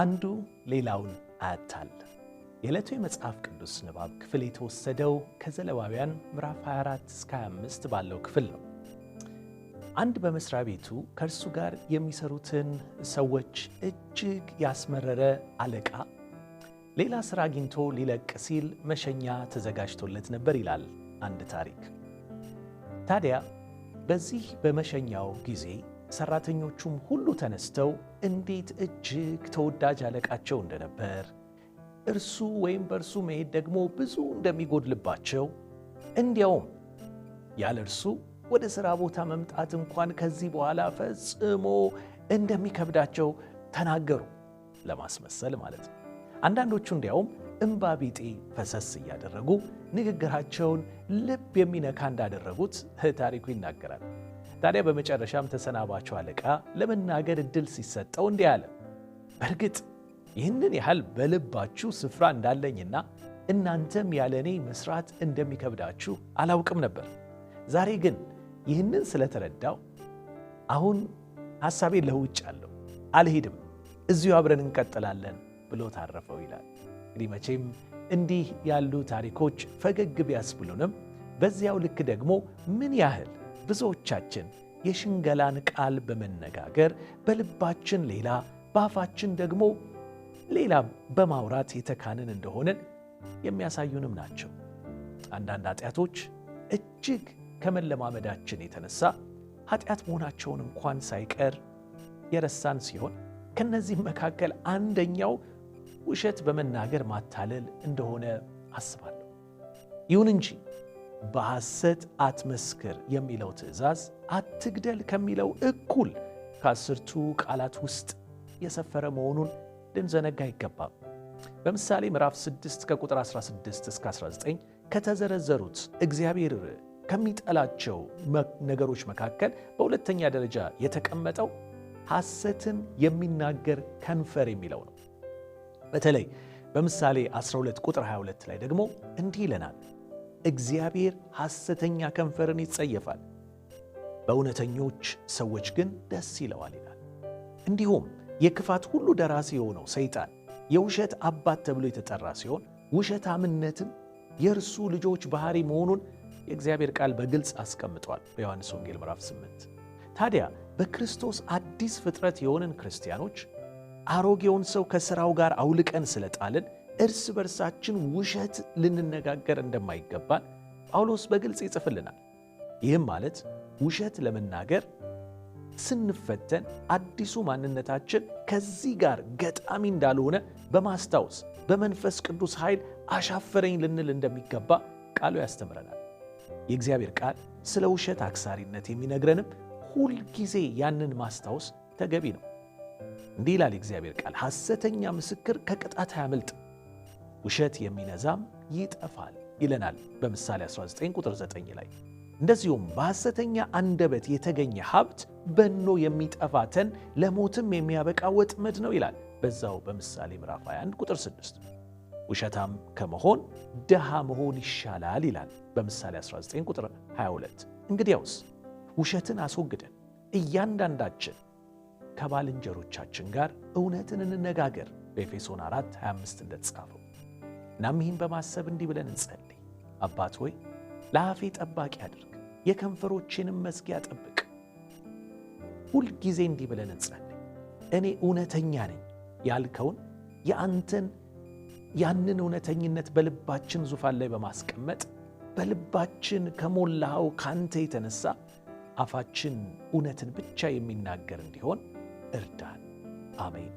አንዱ ሌላውን አያታልል። የዕለቱ የመጽሐፍ ቅዱስ ንባብ ክፍል የተወሰደው ከዘሌዋውያን ምዕራፍ 24 እስከ 25 ባለው ክፍል ነው። አንድ በመስሪያ ቤቱ ከእርሱ ጋር የሚሰሩትን ሰዎች እጅግ ያስመረረ አለቃ ሌላ ሥራ አግኝቶ ሊለቅ ሲል መሸኛ ተዘጋጅቶለት ነበር ይላል አንድ ታሪክ። ታዲያ በዚህ በመሸኛው ጊዜ ሰራተኞቹም ሁሉ ተነስተው እንዴት እጅግ ተወዳጅ አለቃቸው እንደነበር እርሱ ወይም በእርሱ መሄድ ደግሞ ብዙ እንደሚጎድልባቸው እንዲያውም ያለ እርሱ ወደ ሥራ ቦታ መምጣት እንኳን ከዚህ በኋላ ፈጽሞ እንደሚከብዳቸው ተናገሩ። ለማስመሰል ማለት ነው። አንዳንዶቹ እንዲያውም እምባ ፈሰስ እያደረጉ ንግግራቸውን ልብ የሚነካ እንዳደረጉት ታሪኩ ይናገራል። ታዲያ በመጨረሻም ተሰናባቸው አለቃ ለመናገር እድል ሲሰጠው እንዲህ አለ። በእርግጥ ይህንን ያህል በልባችሁ ስፍራ እንዳለኝና እናንተም ያለ እኔ መስራት እንደሚከብዳችሁ አላውቅም ነበር። ዛሬ ግን ይህንን ስለተረዳው አሁን ለውጭ አለው አልሄድም፣ እዚሁ አብረን እንቀጥላለን ብሎ ታረፈው ይላል። እንግዲህ መቼም እንዲህ ያሉ ታሪኮች ፈገግ ቢያስብሉንም በዚያው ልክ ደግሞ ምን ያህል ብዙዎቻችን የሽንገላን ቃል በመነጋገር በልባችን ሌላ በአፋችን ደግሞ ሌላ በማውራት የተካንን እንደሆንን የሚያሳዩንም ናቸው። አንዳንድ ኃጢአቶች እጅግ ከመለማመዳችን የተነሳ ኃጢአት መሆናቸውን እንኳን ሳይቀር የረሳን ሲሆን ከነዚህም መካከል አንደኛው ውሸት በመናገር ማታለል እንደሆነ አስባለሁ። ይሁን እንጂ በሐሰት አትመስክር የሚለው ትእዛዝ አትግደል ከሚለው እኩል ከአስርቱ ቃላት ውስጥ የሰፈረ መሆኑን ልንዘነጋ አይገባም። በምሳሌ ምዕራፍ 6 ከቁጥር 16 እስከ 19 ከተዘረዘሩት እግዚአብሔር ከሚጠላቸው ነገሮች መካከል በሁለተኛ ደረጃ የተቀመጠው ሐሰትን የሚናገር ከንፈር የሚለው ነው። በተለይ በምሳሌ 12 ቁጥር 22 ላይ ደግሞ እንዲህ ይለናል እግዚአብሔር ሐሰተኛ ከንፈርን ይጸየፋል፣ በእውነተኞች ሰዎች ግን ደስ ይለዋል ይላል። እንዲሁም የክፋት ሁሉ ደራሲ የሆነው ሰይጣን የውሸት አባት ተብሎ የተጠራ ሲሆን ውሸታምነትም የእርሱ ልጆች ባህሪ መሆኑን የእግዚአብሔር ቃል በግልጽ አስቀምጧል በዮሐንስ ወንጌል ምዕራፍ 8። ታዲያ በክርስቶስ አዲስ ፍጥረት የሆንን ክርስቲያኖች አሮጌውን ሰው ከሥራው ጋር አውልቀን ስለጣልን እርስ በርሳችን ውሸት ልንነጋገር እንደማይገባን ጳውሎስ በግልጽ ይጽፍልናል። ይህም ማለት ውሸት ለመናገር ስንፈተን አዲሱ ማንነታችን ከዚህ ጋር ገጣሚ እንዳልሆነ በማስታወስ በመንፈስ ቅዱስ ኃይል አሻፈረኝ ልንል እንደሚገባ ቃሉ ያስተምረናል። የእግዚአብሔር ቃል ስለ ውሸት አክሳሪነት የሚነግረንም ሁልጊዜ ያንን ማስታወስ ተገቢ ነው። እንዲህ ይላል የእግዚአብሔር ቃል፣ ሐሰተኛ ምስክር ከቅጣት አያመልጥ ውሸት የሚነዛም ይጠፋል ይለናል በምሳሌ 19 ቁጥር 9 ላይ። እንደዚሁም በሐሰተኛ አንደበት የተገኘ ሀብት በኖ የሚጠፋተን ለሞትም የሚያበቃ ወጥመድ ነው ይላል በዛው በምሳሌ ምዕራፍ 21 ቁጥር 6። ውሸታም ከመሆን ድሃ መሆን ይሻላል ይላል በምሳሌ 19 ቁጥር 22። እንግዲያውስ ውሸትን አስወግደን እያንዳንዳችን ከባልንጀሮቻችን ጋር እውነትን እንነጋገር በኤፌሶን 4 25 እንደተጻፈው እናም ይህን በማሰብ እንዲህ ብለን እንጸልይ። አባት ሆይ ለአፌ ጠባቂ አድርግ፣ የከንፈሮቼንም መዝጊያ ጠብቅ። ሁልጊዜ እንዲህ ብለን እንጸልይ። እኔ እውነተኛ ነኝ ያልከውን የአንተን ያንን እውነተኝነት በልባችን ዙፋን ላይ በማስቀመጥ በልባችን ከሞላኸው ካንተ የተነሳ አፋችን እውነትን ብቻ የሚናገር እንዲሆን እርዳን። አሜን።